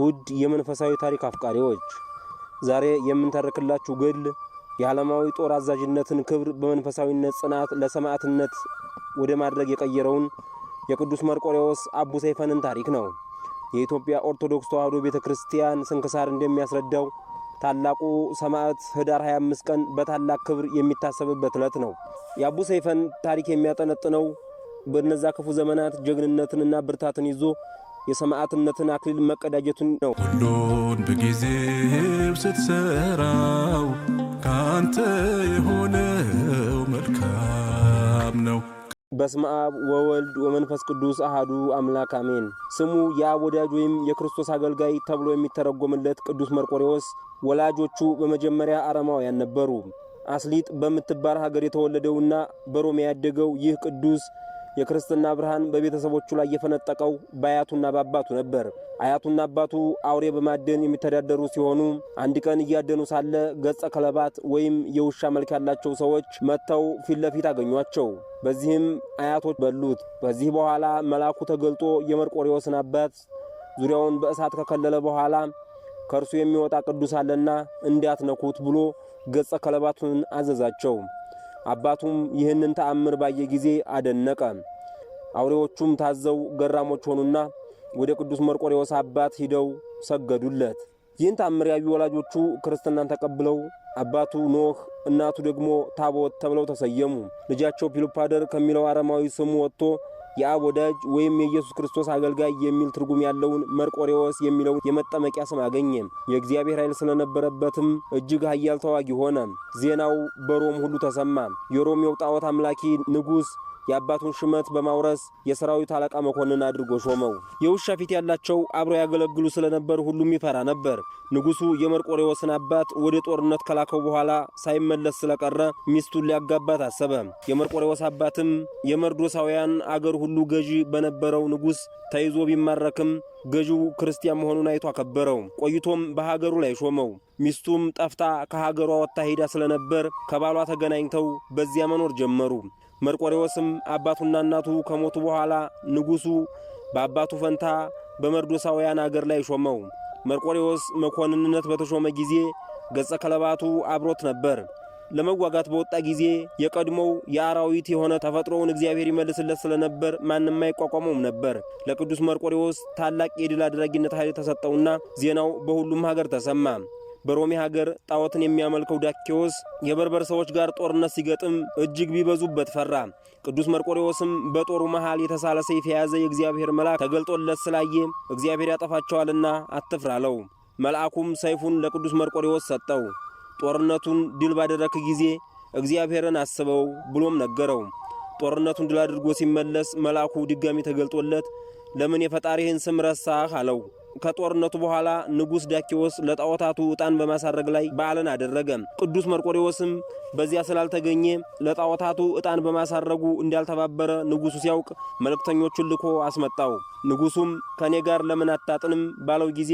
ውድ የመንፈሳዊ ታሪክ አፍቃሪዎች ዛሬ የምንተርክላችሁ ግል የዓለማዊ ጦር አዛዥነትን ክብር በመንፈሳዊነት ጽናት ለሰማዕትነት ወደ ማድረግ የቀየረውን የቅዱስ መርቆሬዎስ አቡ ሰይፈንን ታሪክ ነው። የኢትዮጵያ ኦርቶዶክስ ተዋሕዶ ቤተ ክርስቲያን ስንክሳር እንደሚያስረዳው ታላቁ ሰማዕት ህዳር 25 ቀን በታላቅ ክብር የሚታሰብበት ዕለት ነው። የአቡ ሰይፈን ታሪክ የሚያጠነጥነው በእነዛ ክፉ ዘመናት ጀግንነትንና ብርታትን ይዞ የሰማዕትነትን አክሊል መቀዳጀቱን ነው። ሁሉን በጊዜው ስትሰራው ከአንተ የሆነው መልካም ነው። በስመ አብ ወወልድ ወመንፈስ ቅዱስ አህዱ አምላክ አሜን። ስሙ የአብ ወዳጅ ወይም የክርስቶስ አገልጋይ ተብሎ የሚተረጎምለት ቅዱስ መርቆሬዎስ ወላጆቹ በመጀመሪያ አረማውያን ነበሩ። አስሊጥ በምትባል ሀገር የተወለደውና በሮም ያደገው ይህ ቅዱስ የክርስትና ብርሃን በቤተሰቦቹ ላይ የፈነጠቀው በአያቱና በአባቱ ነበር። አያቱና አባቱ አውሬ በማደን የሚተዳደሩ ሲሆኑ አንድ ቀን እያደኑ ሳለ ገጸ ከለባት ወይም የውሻ መልክ ያላቸው ሰዎች መጥተው ፊት ለፊት አገኟቸው። በዚህም አያቶች በሉት። ከዚህ በኋላ መልአኩ ተገልጦ የመርቆሪዎስን አባት ዙሪያውን በእሳት ከከለለ በኋላ ከእርሱ የሚወጣ ቅዱስ አለና ነኩት ብሎ ገጸ ከለባቱን አዘዛቸው። አባቱም ይህንን ተአምር ባየ ጊዜ አደነቀ። አውሬዎቹም ታዘው ገራሞች ሆኑና ወደ ቅዱስ መርቆሬዎስ አባት ሂደው ሰገዱለት። ይህን ተአምር ያዩ ወላጆቹ ክርስትናን ተቀብለው አባቱ ኖህ እናቱ ደግሞ ታቦት ተብለው ተሰየሙ። ልጃቸው ፒሉፓደር ከሚለው አረማዊ ስሙ ወጥቶ የአብ ወዳጅ ወይም የኢየሱስ ክርስቶስ አገልጋይ የሚል ትርጉም ያለውን መርቆሬዎስ የሚለውን የመጠመቂያ ስም አገኘ። የእግዚአብሔር ኃይል ስለነበረበትም እጅግ ኃያል ተዋጊ ሆነ። ዜናው በሮም ሁሉ ተሰማ። የሮሜው ጣዖት አምላኪ ንጉሥ የአባቱን ሹመት በማውረስ የሰራዊት አለቃ መኮንን አድርጎ ሾመው። የውሻ ፊት ያላቸው አብረው ያገለግሉ ስለነበር ሁሉም ይፈራ ነበር። ንጉሱ የመርቆሬዎስን አባት ወደ ጦርነት ከላከው በኋላ ሳይመለስ ስለቀረ ሚስቱን ሊያጋባት ታሰበ። የመርቆሬዎስ አባትም የመርዶሳውያን አገር ሁሉ ገዢ በነበረው ንጉስ ተይዞ ቢማረክም ገዢው ክርስቲያን መሆኑን አይቶ አከበረው። ቆይቶም በሀገሩ ላይ ሾመው። ሚስቱም ጠፍታ ከሀገሯ ወጥታ ሄዳ ስለነበር ከባሏ ተገናኝተው በዚያ መኖር ጀመሩ። መርቆሬዎስም አባቱና እናቱ ከሞቱ በኋላ ንጉሡ በአባቱ ፈንታ በመርዶሳውያን አገር ላይ ሾመው። መርቆሬዎስ መኮንንነት በተሾመ ጊዜ ገጸ ከለባቱ አብሮት ነበር። ለመዋጋት በወጣ ጊዜ የቀድሞው የአራዊት የሆነ ተፈጥሮውን እግዚአብሔር ይመልስለት ስለነበር ማንም አይቋቋመውም ነበር። ለቅዱስ መርቆሬዎስ ታላቅ የድል አድራጊነት ኃይል ተሰጠውና ዜናው በሁሉም ሀገር ተሰማ። በሮሜ ሀገር ጣዖትን የሚያመልከው ዳኪዎስ የበርበር ሰዎች ጋር ጦርነት ሲገጥም እጅግ ቢበዙበት ፈራ። ቅዱስ መርቆሬዎስም በጦሩ መሃል የተሳለ ሰይፍ የያዘ የእግዚአብሔር መልአክ ተገልጦለት ስላየ እግዚአብሔር ያጠፋቸዋልና አትፍራ አለው። መልአኩም ሰይፉን ለቅዱስ መርቆሬዎስ ሰጠው። ጦርነቱን ድል ባደረክ ጊዜ እግዚአብሔርን አስበው ብሎም ነገረው። ጦርነቱን ድል አድርጎ ሲመለስ መልአኩ ድጋሚ ተገልጦለት ለምን የፈጣሪህን ስም ረሳህ? አለው። ከጦርነቱ በኋላ ንጉሥ ዳኪዎስ ለጣዖታቱ ዕጣን በማሳረግ ላይ በዓልን አደረገ። ቅዱስ መርቆሬዎስም በዚያ ስላልተገኘ ለጣዖታቱ ዕጣን በማሳረጉ እንዳልተባበረ ንጉሡ ሲያውቅ መልእክተኞቹን ልኮ አስመጣው። ንጉሡም ከእኔ ጋር ለምን አታጥንም ባለው ጊዜ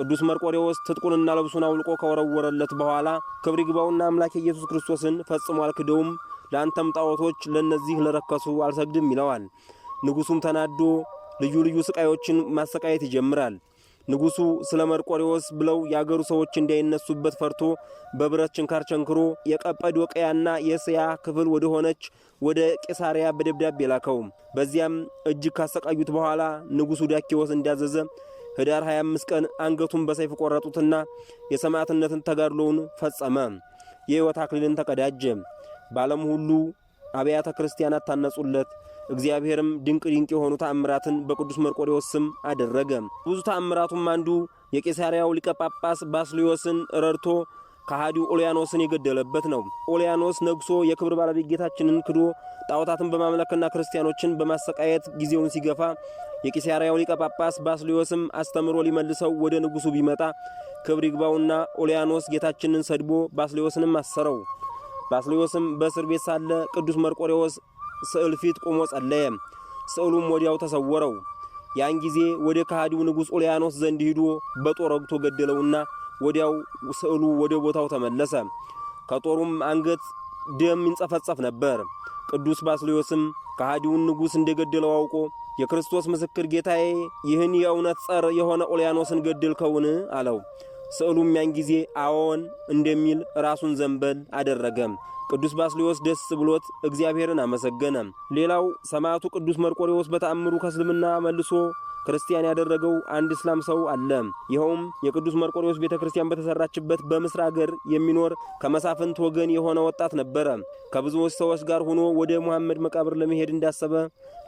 ቅዱስ መርቆሬዎስ ትጥቁንና ልብሱን አውልቆ ከወረወረለት በኋላ ክብር ይግባውና አምላኬ ኢየሱስ ክርስቶስን ፈጽሞ አልክደውም፣ ለአንተም ጣዖቶች ለእነዚህ ለረከሱ አልሰግድም ይለዋል። ንጉሡም ተናዶ ልዩ ልዩ ስቃዮችን ማሰቃየት ይጀምራል። ንጉሱ ስለ መርቆሪዎስ ብለው የአገሩ ሰዎች እንዳይነሱበት ፈርቶ በብረት ችንካር ቸንክሮ የቀጰዶቅያና የእስያ ክፍል ወደ ሆነች ወደ ቄሳሪያ በደብዳቤ ላከው። በዚያም እጅግ ካሰቃዩት በኋላ ንጉሱ ዳኪዎስ እንዳዘዘ ህዳር 25 ቀን አንገቱን በሰይፍ ቆረጡትና የሰማዕትነትን ተጋድሎውን ፈጸመ። የሕይወት አክሊልን ተቀዳጀ። በዓለም ሁሉ አብያተ ክርስቲያናት ታነጹለት። እግዚአብሔርም ድንቅ ድንቅ የሆኑ ተአምራትን በቅዱስ መርቆሬዎስ ስም አደረገ። ብዙ ተአምራቱም አንዱ የቄሳርያው ሊቀ ጳጳስ ባስሊዮስን ረድቶ ከሃዲው ኦልያኖስን የገደለበት ነው። ኦልያኖስ ነግሶ የክብር ባለቤት ጌታችንን ክዶ ጣዖታትን በማምለክና ክርስቲያኖችን በማሰቃየት ጊዜውን ሲገፋ የቂሳርያው ሊቀ ጳጳስ አስተምሮ ሊመልሰው ወደ ንጉሡ ቢመጣ ክብር ይግባውና ኦልያኖስ ጌታችንን ሰድቦ ባስሊዮስንም አሰረው። ባስሊዮስም በእስር ቤት ሳለ ቅዱስ መርቆሬዎስ ስዕል ፊት ቆሞ ጸለየ። ስዕሉም ወዲያው ተሰወረው። ያን ጊዜ ወደ ከሃዲው ንጉሥ ኡልያኖስ ዘንድ ሂዶ በጦር ወግቶ ገደለውና ወዲያው ስዕሉ ወደ ቦታው ተመለሰ። ከጦሩም አንገት ደም ይንጸፈጸፍ ነበር። ቅዱስ ባስልዮስም ከሃዲውን ንጉሥ እንደገደለው አውቆ የክርስቶስ ምስክር ጌታዬ፣ ይህን የእውነት ጸር የሆነ ኦልያኖስን ገደልከውን? አለው። ስዕሉም ያን ጊዜ አዎን እንደሚል ራሱን ዘንበል አደረገም። ቅዱስ ባስሊዮስ ደስ ብሎት እግዚአብሔርን አመሰገነ። ሌላው ሰማዕቱ ቅዱስ መርቆሪዎስ በተአምሩ ከእስልምና መልሶ ክርስቲያን ያደረገው አንድ እስላም ሰው አለ። ይኸውም የቅዱስ መርቆሪዎስ ቤተ ክርስቲያን በተሰራችበት በምስር አገር የሚኖር ከመሳፍንት ወገን የሆነ ወጣት ነበረ። ከብዙዎች ሰዎች ጋር ሆኖ ወደ ሙሐመድ መቃብር ለመሄድ እንዳሰበ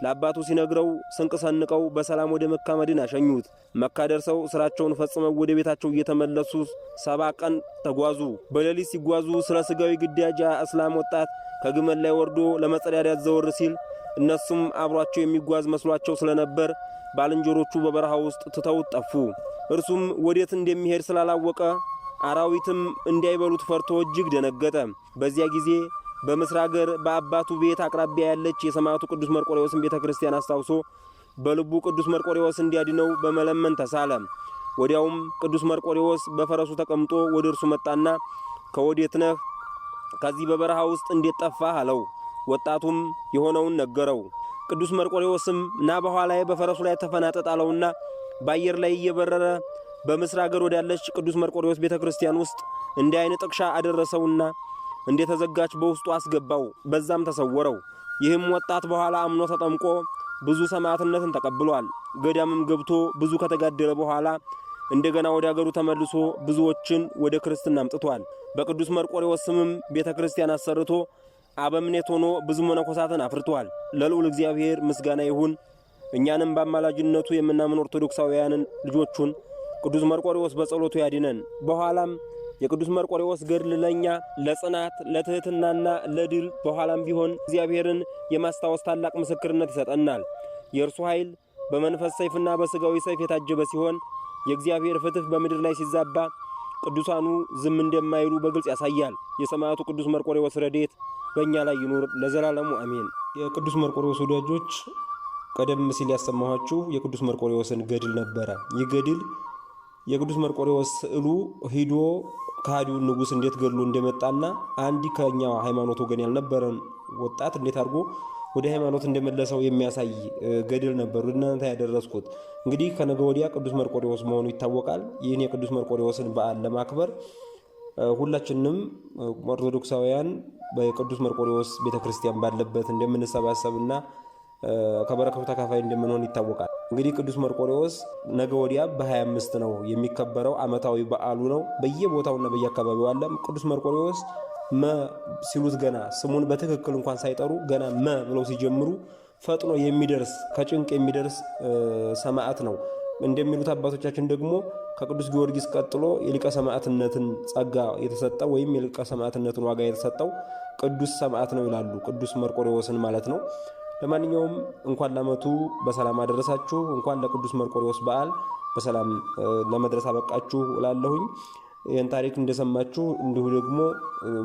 ለአባቱ ሲነግረው ስንቅ ሰንቀው በሰላም ወደ መካ መድን አሸኙት። መካ ደርሰው ስራቸውን ፈጽመው ወደ ቤታቸው እየተመለሱ ሰባ ቀን ተጓዙ። በሌሊት ሲጓዙ ስለ ስጋዊ ግዳጅ ስላም ወጣት ከግመል ላይ ወርዶ ለመጸዳዳት ዘወር ሲል እነሱም አብሯቸው የሚጓዝ መስሏቸው ስለነበር ባልንጀሮቹ በበረሃ ውስጥ ትተውት ጠፉ። እርሱም ወዴት እንደሚሄድ ስላላወቀ አራዊትም እንዳይበሉት ፈርቶ እጅግ ደነገጠ። በዚያ ጊዜ በምስር አገር በአባቱ ቤት አቅራቢያ ያለች የሰማዕቱ ቅዱስ መርቆሬዎስን ቤተ ክርስቲያን አስታውሶ በልቡ ቅዱስ መርቆሬዎስ እንዲያድነው በመለመን ተሳለ። ወዲያውም ቅዱስ መርቆሬዎስ በፈረሱ ተቀምጦ ወደ እርሱ መጣና ከወዴት ነህ ከዚህ በበረሃ ውስጥ እንዴት ጠፋህ አለው። ወጣቱም የሆነውን ነገረው። ቅዱስ መርቆሬዎስም ና በኋላዬ በፈረሱ ላይ ተፈናጠጥ አለውና በአየር ላይ እየበረረ በምስር አገር ወዳለች ቅዱስ መርቆሬዎስ ቤተ ክርስቲያን ውስጥ እንደ አይነ ጥቅሻ አደረሰውና እንደ ተዘጋች በውስጡ አስገባው። በዛም ተሰወረው። ይህም ወጣት በኋላ አምኖ ተጠምቆ ብዙ ሰማዕትነትን ተቀብሏል። ገዳምም ገብቶ ብዙ ከተጋደለ በኋላ እንደገና ወደ አገሩ ተመልሶ ብዙዎችን ወደ ክርስትና አምጥቷል። በቅዱስ መርቆሬዎስ ስምም ቤተ ክርስቲያን አሰርቶ አበምኔት ሆኖ ብዙ መነኮሳትን አፍርቷል። ለልዑል እግዚአብሔር ምስጋና ይሁን። እኛንም በአማላጅነቱ የምናምን ኦርቶዶክሳውያንን ልጆቹን ቅዱስ መርቆሬዎስ በጸሎቱ ያድነን። በኋላም የቅዱስ መርቆሬዎስ ገድል ለእኛ ለጽናት ለትሕትናና ለድል በኋላም ቢሆን እግዚአብሔርን የማስታወስ ታላቅ ምስክርነት ይሰጠናል። የእርሱ ኃይል በመንፈስ ሰይፍና በሥጋዊ ሰይፍ የታጀበ ሲሆን የእግዚአብሔር ፍትህ በምድር ላይ ሲዛባ ቅዱሳኑ ዝም እንደማይሉ በግልጽ ያሳያል። የሰማዕቱ ቅዱስ መርቆሬዎስ ረድኤት በእኛ ላይ ይኑር ለዘላለሙ አሜን። የቅዱስ መርቆሬዎስ ወዳጆች ቀደም ሲል ያሰማኋችሁ የቅዱስ መርቆሬዎስን ገድል ነበረ። ይህ ገድል የቅዱስ መርቆሬዎስ ስዕሉ ሂዶ ከሃዲውን ንጉሥ እንዴት ገድሎ እንደመጣና አንድ ከኛ ሃይማኖት ወገን ያልነበረን ወጣት እንዴት አድርጎ ወደ ሃይማኖት እንደመለሰው የሚያሳይ ገድል ነበር እናንተ ያደረስኩት። እንግዲህ ከነገ ወዲያ ቅዱስ መርቆሪዎስ መሆኑ ይታወቃል። ይህን የቅዱስ መርቆሪዎስን በዓል ለማክበር ሁላችንም ኦርቶዶክሳውያን በቅዱስ መርቆሪዎስ ቤተክርስቲያን ባለበት እንደምንሰባሰብና ከበረከቱ ተካፋይ እንደምንሆን ይታወቃል። እንግዲህ ቅዱስ መርቆሪዎስ ነገ ወዲያ በ25 ነው የሚከበረው፣ ዓመታዊ በዓሉ ነው። በየቦታውና በየአካባቢው አለም ቅዱስ መርቆሪዎስ መ ሲሉት ገና ስሙን በትክክል እንኳን ሳይጠሩ ገና መ ብለው ሲጀምሩ ፈጥኖ የሚደርስ ከጭንቅ የሚደርስ ሰማዕት ነው። እንደሚሉት አባቶቻችን ደግሞ ከቅዱስ ጊዮርጊስ ቀጥሎ የሊቀ ሰማዕትነትን ጸጋ የተሰጠው ወይም የሊቀ ሰማዕትነትን ዋጋ የተሰጠው ቅዱስ ሰማዕት ነው ይላሉ። ቅዱስ መርቆሪዎስን ማለት ነው። ለማንኛውም እንኳን ለዓመቱ በሰላም አደረሳችሁ። እንኳን ለቅዱስ መርቆሪዎስ በዓል በሰላም ለመድረስ አበቃችሁ እላለሁኝ። ይህን ታሪክ እንደሰማችሁ እንዲሁ ደግሞ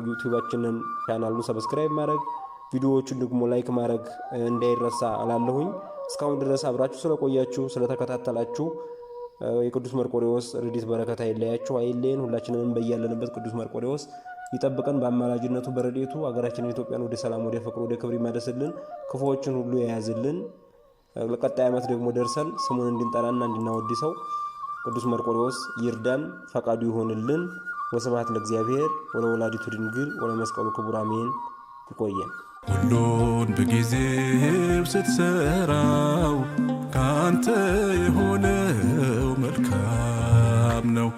ዩቲዩባችንን ቻናሉን ሰብስክራይብ ማድረግ ቪዲዮዎቹን ደግሞ ላይክ ማድረግ እንዳይረሳ አላለሁኝ። እስካሁን ድረስ አብራችሁ ስለቆያችሁ ስለተከታተላችሁ የቅዱስ መርቆሬዎስ ረድኤት በረከት አይለያችሁ፣ አይለየን። ሁላችንም በያለንበት ቅዱስ መርቆሬዎስ ይጠብቀን፣ በአማላጅነቱ በረድኤቱ አገራችንን ኢትዮጵያን ወደ ሰላም፣ ወደ ፍቅር፣ ወደ ክብር ይመለስልን፣ ክፉዎችን ሁሉ የያዝልን። ለቀጣይ ዓመት ደግሞ ደርሰን ስሙን እንድንጠራና እንድናወድሰው ቅዱስ መርቆሬዎስ ይርዳን፣ ፈቃዱ ይሆንልን። ወስብሐት ለእግዚአብሔር ወለወላዲቱ ድንግል ወለመስቀሉ ክቡር አሜን። ይቆየን። ሁሉን በጊዜው ስትሰራው ከአንተ የሆነው መልካም ነው።